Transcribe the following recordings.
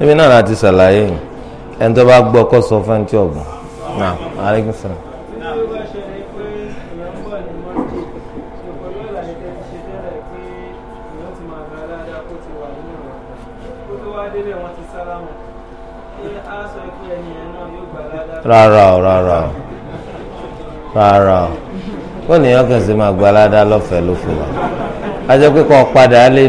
níbi náà láti ṣàlàyé ẹni tó bá gbọ́ kó sọ fún tí ọ̀gbọ́n náà na rárá o rárá o rárá o kó nìyẹn kàn sí máa gbalada lọ́fẹ̀ẹ́ ló fò a jẹ́ pé kó padà lé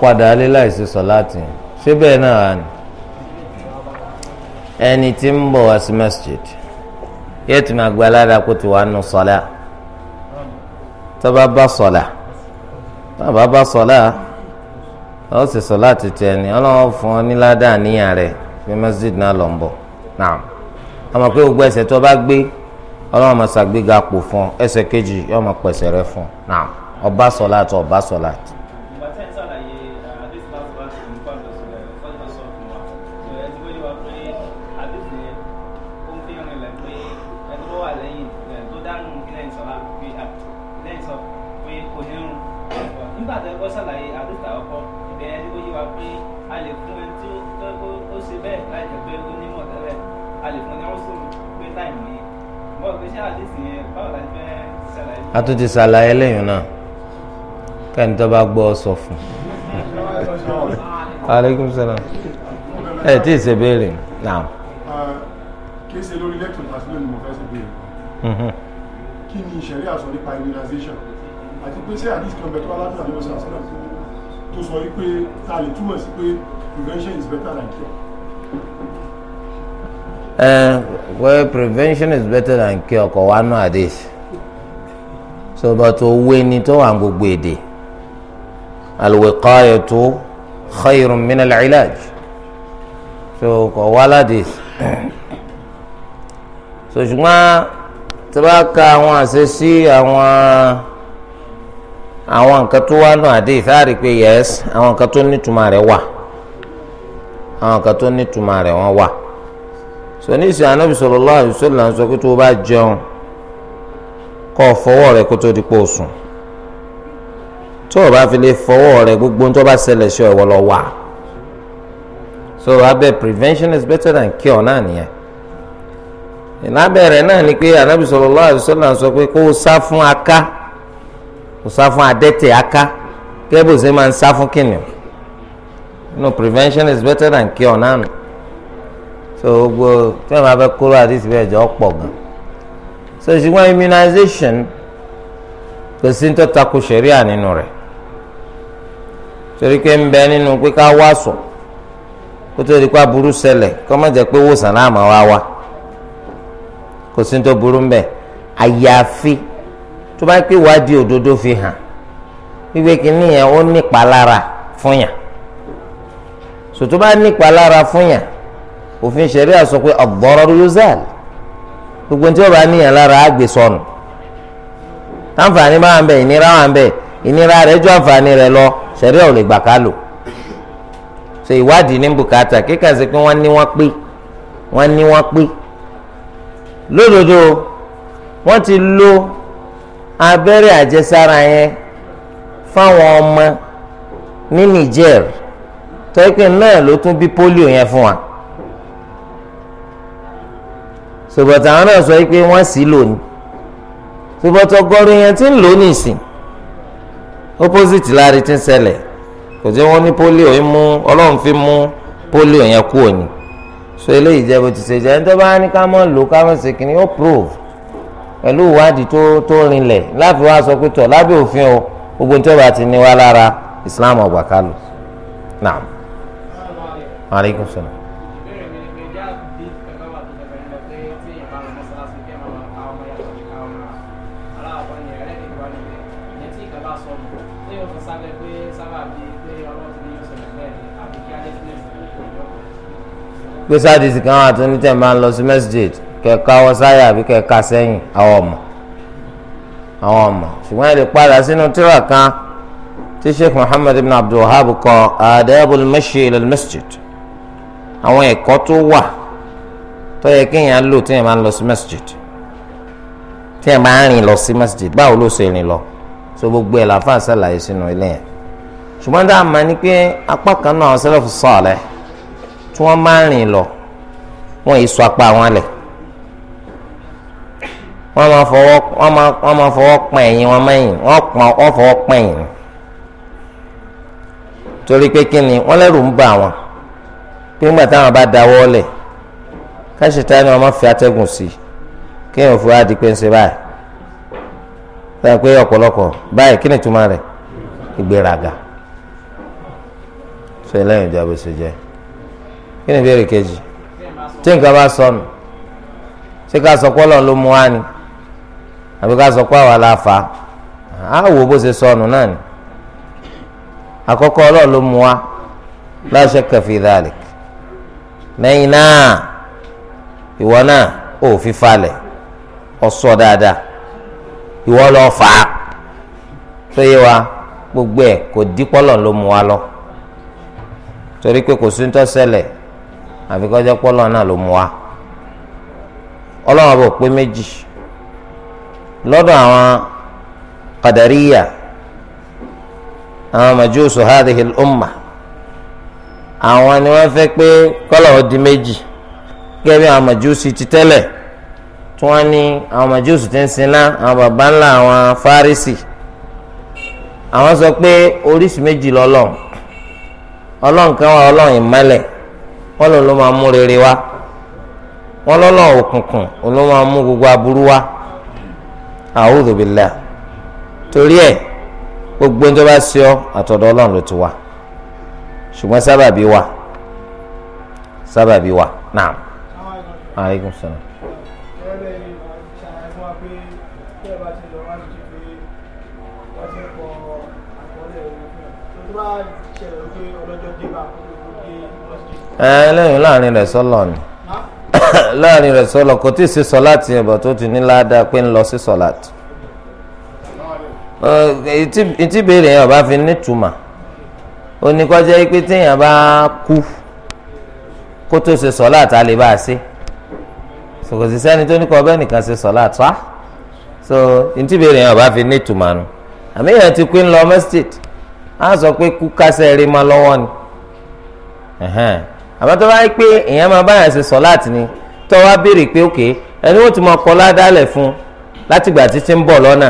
padà lé láti síbẹ̀ náà ẹni tí ń bọ̀ wá sí masjid yóò tún máa gba aládàá kó ti wà nù sọ́lá tọ́ba bá sọ́lá tọ́ba bá sọ́lá ó sì tètè ẹni ọlọ́wọ́ fún ọ ní níyà rẹ̀ fi masjid náà lọ bọ̀ náà àmọ́ pé gbogbo ẹsẹ̀ tó bá gbé ọlọ́wọ́ máa ṣàgbéga pò fún ẹsẹ̀ kejì yóò máa pẹ̀sẹ̀ rẹ̀ fún ọ náà ọba ọba àdúgbò àkọ́kọ́ ibẹ̀ ẹni ó yé wa pé a lè fún ẹni tí ó ṣe bẹ́ẹ̀ láì jẹ́ pé ó nímọ̀ tẹ́lẹ̀ a lè fún ní ọ̀sùn pé táìmù yìí bọ́ọ̀ pé ṣé àdìsí yẹn báwo la fẹ́ ṣàlàyé. a tún ti ṣàlàyé lẹ́yìn náà kẹ́ni tó bá gbọ́ ọ sọ fún aleykum salaam ẹ tí ì ṣe béèrè náà. kí ṣe lórí lẹ́tọ̀ọ́ ìtàsílẹ̀ ni mo fẹ́ ṣe béèrè mhm. kí ni ìṣẹ̀rí àsọ nípa immunization àti pé ṣé àdìsí kan bẹ̀ tó alábìyàn ló ṣe àṣẹ náà tó sọ wípé ta lè túmọ̀ sí pé prevention is better than cure. Uh, well prevention is better than cure kò wá nù àdéhìí so but owó ni tó wà gbogbo èdè alwiqayatu khayrun min al-ilaj so kò wá ládìí so ṣùgbọ́n tí wọ́n ka àwọn àṣẹ sí àwọn àwọn nǹkan tó wá nù àdé ìsáàrí pé yẹs àwọn nǹkan tó nítumọ̀ rẹ̀ wà àwọn nǹkan tó nítumọ̀ rẹ̀ wọ́n wà sọ ní ìsìn anábì sallallahu alaihi wasallam sọ pé tó o bá jẹun kó o fọwọ́ rẹ kó tó di pò sùn tó o bá fi lè fọwọ́ rẹ gbogbo tó bá ṣẹlẹ̀ sí ọ̀wọ́ lọ wà so abẹ prevention is better than cure náà nìyẹn ìlábẹ̀rẹ̀ náà ni pé anábì sallallahu alaihi wasallam sọ pé kó o sá fún aká. kò sá fún adẹ́tẹ̀ aká kẹ́bù ṣe máa ń sá fún kìnìún prevention is better than cure náà so gbogbo tí wọn bá fẹ́ kóró àdìsí bẹ́ẹ̀ jọ pọ̀ gan immunization kò sí tọ́ta kò ṣẹ̀ríà nínú rẹ̀ torí pé ń bẹ nínú pé ká wá sùn kó tó di pa burú ṣẹlẹ̀ kó má jẹ́ pé wòsàn náà máa tó bá pé wádìí òdodo fi hàn wípé kínní yẹn ó nípa lára fún yàn so tó bá nípa lára fún yàn òfin ṣẹ̀ríà sọ pé ad-dararu yuzal gbogbo tí wọ́n bá níyàn lára á gbé sọnù táǹfààní bá wà ń bẹ ìnira wà ń bẹ ìnira rẹ̀ ju àǹfààní rẹ̀ lọ ṣẹ̀ríà ò lè gbà ká lò so ìwádìí ní bùkátà kíkà sí pé wọ́n ní wọ́n pé wọ́n ní wọ́n pé lódodo wọ́n ti lo abẹ́rẹ́ àjẹsára yẹn fáwọn ọmọ ní Niger tọ́pẹ́ náà ló tún bí polio yẹn fún wa ṣùgbọ́n àwọn náà sọ pé wọ́n sì lò ní ṣùgbọ́n tọgọ́rùn yẹn ti ń lò ní ìsìn opposite láàrí ti ń ṣẹlẹ̀ kò jẹ́ wọ́n ní polio yẹn mú ọlọ́run fi mú polio yẹn kú òní so eléyìí jẹ́ bó ti ṣe jẹ́ ẹni tó bá ní ká mọ̀ lò ká mọ̀ ṣe kìnnìún ó prove pẹ̀lú ìwádìí tó tó rinlẹ̀ láfi wá sọ pé tọ̀ lábẹ́ òfin o gbogbo tí ọba ti ní wá lára Islam ọgbà kálù naam maaleykum salaam. pé sáà dìsì kan àtúntẹ̀ máa ń lọ sí masjid kẹka ọwọ́ àbí kẹka sẹ́yìn àwọn ọmọ àwọn ọmọ ṣùgbọ́n ẹ lè padà sínú tírà kan tí sheikh muhammad ibn abdulwahab kọ adabul mashi ilal masjid àwọn ẹ̀kọ́ tó wà tó yẹ kéèyàn lò téèyàn máa ń lọ sí masjid téèyàn máa ń rìn lọ sí masjid báwo ló ṣe rìn lọ so gbogbo ẹ̀ làáfàá ṣàlàyé sínú ilé yẹn ṣùgbọ́n dáa máa ní pé apá kan náà sẹ́lẹ̀fù sọ̀ọ̀lẹ̀ tí wọ́n máa ń rìn lọ wọ́n yìí sọ apá wọn lẹ̀ wọ́n máa fọwọ́ wọ́n máa wọ́n máa fọwọ́ pẹ̀ torí pé kí ni wọ́n lẹ́rù ń bà wọ́n pé ńgbà táwọn bá dáwọ́ lẹ̀ káṣíta ni wọ́n máa fi atẹ́gùn sí kí èèyàn fún wa pé ń ṣe báyìí pé ọ̀pọ̀lọpọ̀ báyìí kí ni túmọ̀ rẹ̀ ìgbéraga ṣe lẹ́yìn jẹ́ kí ni ìbéèrè kejì tí nǹkan bá sọnù ṣé ká sọ àbí ká sọ pé àwa la fa á wò bó ṣe sọnù náà ni àkọ́kọ́ ọlọ́run ló mú wa la shakka fi dhalik lẹ́yìn náà ìwọ náà ò fi falẹ̀ ọ̀sọ́ dáadáa ìwọ lọ fà á tó yé wa gbogbo ẹ̀ kò dípọ́ ló mú wa lọ torí pé kò sí ń tọ́ ṣẹlẹ̀ náà ló mú wa ọlọ́run bò pé méjì lọ́dọ̀ àwọn qadariya àwọn majusu hadhihi al-umma àwọn ni wọ́n fẹ́ pé kọ́lọ̀ ó méjì gẹ́gẹ́ bí àwọn ti tẹ́lẹ̀ tí wọ́n ní àwọn ti ń siná àwọn baba ńlá àwọn fárísì àwọn sọ pé oríṣi méjì lọ́lọ́run ọlọ́run wà ọlọ́run ìmọ́lẹ̀ wọ́n ló máa mú a'udhu billah torí ẹ gbogbo ń tó bá sí ọ àtọ̀dọ̀ ọlọ́run ló ti wà ṣùgbọ́n sábàbí wà sábàbí wà naam alaikum salaam. ẹ lẹ́yìn láàrin rẹ̀ sọ́lọ́ọ̀nì. láàrin rẹ̀ sọlọ kò tí ì ṣe sọláàtì yẹn bọ̀ tó ti ní ládàá pé ń lọ sí sọláàtì ìtì béèrè yẹn ọba fi nítumà oníkọjá yìí pé téèyàn bá kú kó tó ṣe sọláàtì á lè bá a ṣe sòkòtì sẹ́ni tó ní kọ́ ọbẹ̀ nìkan ṣe sọláàtì wá so ìtì béèrè yẹn ọba fi nítumà nù àmì yẹn ti pín lọ masjid á sọ pé kú kásẹ̀ rí ma lọ́wọ́ ni àmọ́ tó bá yẹ pé èèyàn máa báyà ṣe sọláàtì ni tọ́wá béèrè pé òkè ẹni wọ́n ti mọ ọkọ ládàálẹ̀ fún látìgbà títí ń bọ̀ lọ́nà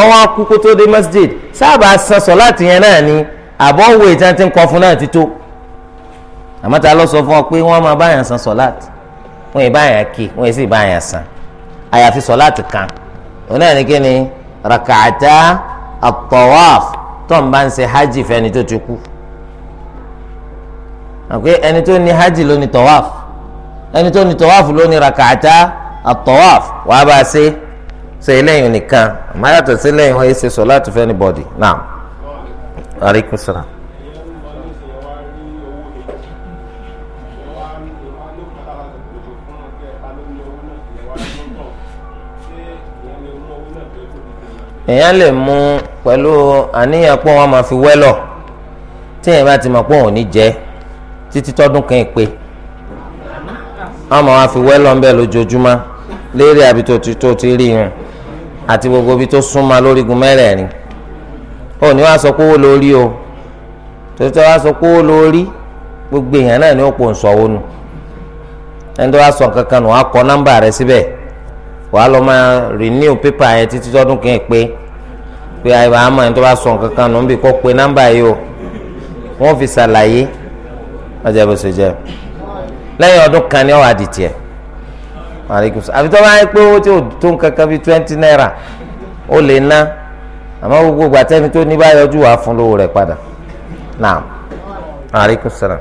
ọwọ́ akú kó tó dé masjid sábà san sọ láti yẹn náà ni àbọ̀ wo ìtàn ti ń kọ fún náà ti tó àmọ́ ta ló sọ fún ọ pé wọ́n máa báyàn san sọ láti wọ́n yìí báyàn kí wọ́n yìí sì báyàn san àyàfi sọ láti kan òun náà ni kí ni rakata at-tawaf tó ń bá ń ṣe hajj fẹ́ni tó ti kú àpé ẹni tó ní hajj ló ní ẹni tó ní tọ́wáfù ló ní rakata àtọ́wáfù wàá bá a ṣe ṣe eléyìn nìkan àmọ́ yàtọ̀ sí eléyìn wọ́n yé ṣe sọ láti fẹ́ ní bọ́dì náà aleykum salaam. èèyàn lè mú pẹ̀lú àníyàn pé wọ́n máa fi wẹ́lọ̀ tí èèyàn bá ti mọ̀ pé òun ò ní jẹ́ títí tọ́dún kan pé wọn wa wá fi wẹ́lọ̀ ńbẹ́ lójoojúmọ́ léèrè àbí tó ti tó ti rí yẹn àti gbogbo ibi tó súnmọ́ lórígun mẹ́rẹ̀ẹ̀rin ó ní wàá sọ kówó lórí o tòtí wàá sọ kówó lórí gbogbo èèyàn náà ni ó pò ń sọ wónú ẹni tó wàá sọ nǹkan nù wàá kọ nọ́mbà rẹ síbẹ̀ wàá lọ máa renew pépà yẹn títí tọdún kìí pé pé àyè wàá mọ ẹni tó wàá sọ nǹkan kan nù ń bì kó pe nọ́mbà yìí o wọ́n fi ṣàlàyé ọjà bó ṣe jẹ́ lẹ́yìn ọdún kan ni ó wà di tiẹ̀ maaleykum sọ àfi tó bá yẹ pé owó tí o tó nǹkan kan bíi twenty naira ó lè ná àmọ́ gbogbo gbàtẹ́ni tó ní bá yọjú wàá fún lówó rẹ̀ padà naam maaleykum sọ náà.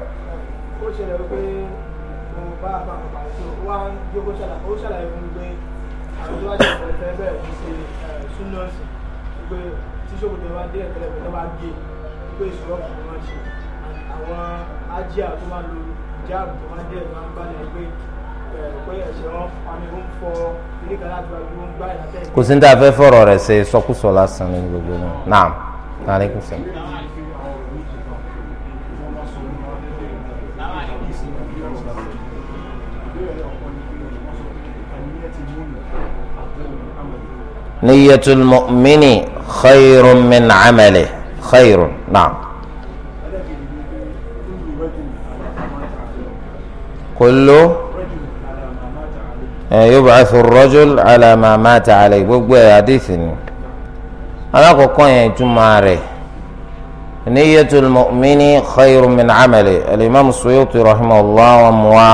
tó máa lo ìjáàbù tó máa ń jẹ́ ìmáà ń bá yẹn pé kò sí ní ta fẹ́ fọ̀rọ̀ rẹ̀ ṣe sọkúsọ lásán ní gbogbo náà naam aleykum salaam. niyatul mu'mini khayrun min amali khayrun naam. kullu eh, yub'athu ar-rajul ala ma mata alayhi gbogbo ẹ̀ àdìsí ni alákọ̀ọ́kọ́ yẹn ìtumọ̀ rẹ̀ niyyatul mu'mini khayrun min 'amali alimami Suyuti rahimahullah wa muwa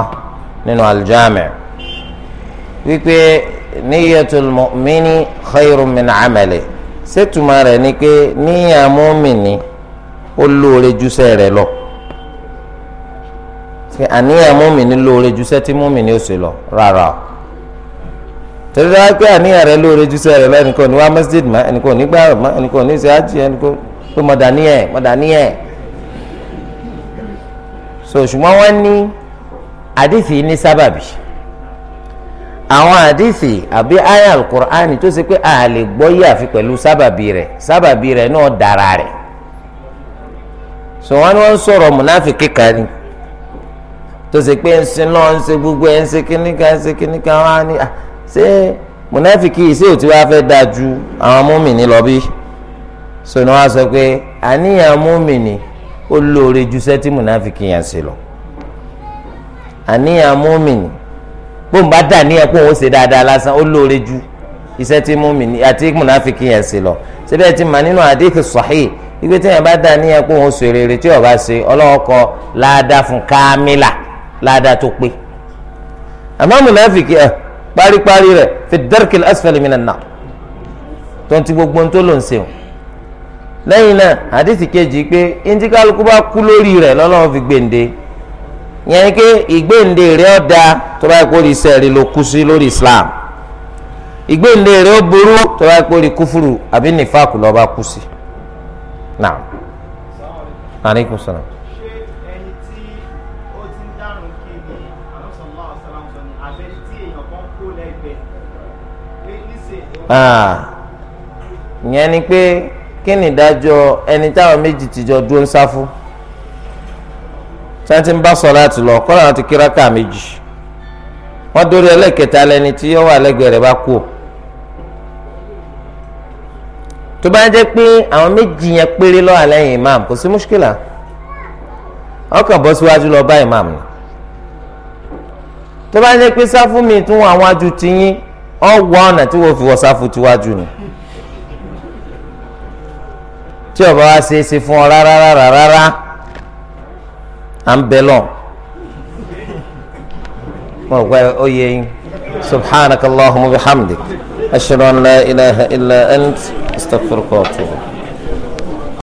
nínú aljami wípé niyyatul mu'mini khayrun min 'amali ṣètùmọ̀ rẹ̀ ni pé níyà mọ́mìnì ó lóore jùsẹ̀ rẹ̀ lọ pé àníyàn mùmíní lóore ju sẹ́tí mùmíní ó ṣe lọ rárá o torí dáa pé àníyàn rẹ lóore ju sẹ́rẹ̀ lọ ẹnìkan ní wá masjid mọ́ ẹnìkan ní gbàrọ̀ mọ́ ẹnìkan ní ṣe ájì ẹnìkan pé mọ̀dà níyẹ̀ mọ̀dà so ṣùgbọ́n wọ́n ní àdìsí ní sábàbí àwọn àdìsí àbí àyà alukur'ani tó ṣe pé a lè gbọ́ yé àfi pẹ̀lú sábàbí rẹ̀ sábàbí rẹ̀ náà dára rẹ̀ so wọ́n ní wọ́n sọ̀rọ̀ mùnáfíkì kan tó ṣe pé ń sin lọ́ọ́ ń ṣe gbogbo ẹ̀ ń ṣe kíníkà ń ṣe kíníkà wọn á ní ah, ṣé mùnáfìkì ṣé ò ti wá fẹ́ dáa ju àwọn múmìnì lọ bí sọ̀nà wa sọ pé àníyàn múmìnì ó lóore ju iṣẹ́ tí mùnáfìkì yẹn ṣe lọ àníyàn múmìnì bó ń bá dà níyàn kó òun ṣe dáadáa lásán ó lóore ju iṣẹ́ tí múmìnì àti mùnáfìkì yẹn ṣe lọ síbẹ̀ ti mà nínú àdéhùn sọ̀hìn ìgbé tí yẹn bá dà níyàn kó òun ṣe rere tí ó ládàá tó pé àmọ́ mùnàfíkì ẹ̀ paríparí rẹ̀ fi dẹ́rkìl asfẹ́lì mi tó gbogbo ohun tó lò ń ṣe o lẹ́yìn náà àdìsí kejì pé indikaluku bá kú lórí rẹ̀ lọ́lọ́run fi gbèǹde yẹn ni ìgbèǹde tó bá kó Islam ìgbèǹde rẹ̀ ó burú tó bá kó rí kúfùrù àbí nífàkù ìyẹn ni pé kí ni ìdájọ́ ẹni táwọn méjì tìjọ dúró ń sáfù tí wọ́n ti ń bá sọ láti lọ kọ́ làwọn ti kíra ká méjì wọ́n dórí ẹlẹ́kẹta lẹni tí yọ wà lẹ́gbẹ̀ẹ́ rẹ̀ bá kú o tó bá jẹ́ pé àwọn méjì yẹn péré lọ́wọ́ lọ bá imam ni tó bá jẹ́ pé mi tún ọwọ́ ọ̀nà tí wọ́n fi wọ sáfù tiwájú ni tí ọba wa ṣe é ṣe fún ọ rárá rárá rárá à ń bẹ lọ wọn gba oyè yín subhanakallahumma bihamdik ashhadu la ilaha illa ant astaghfiruka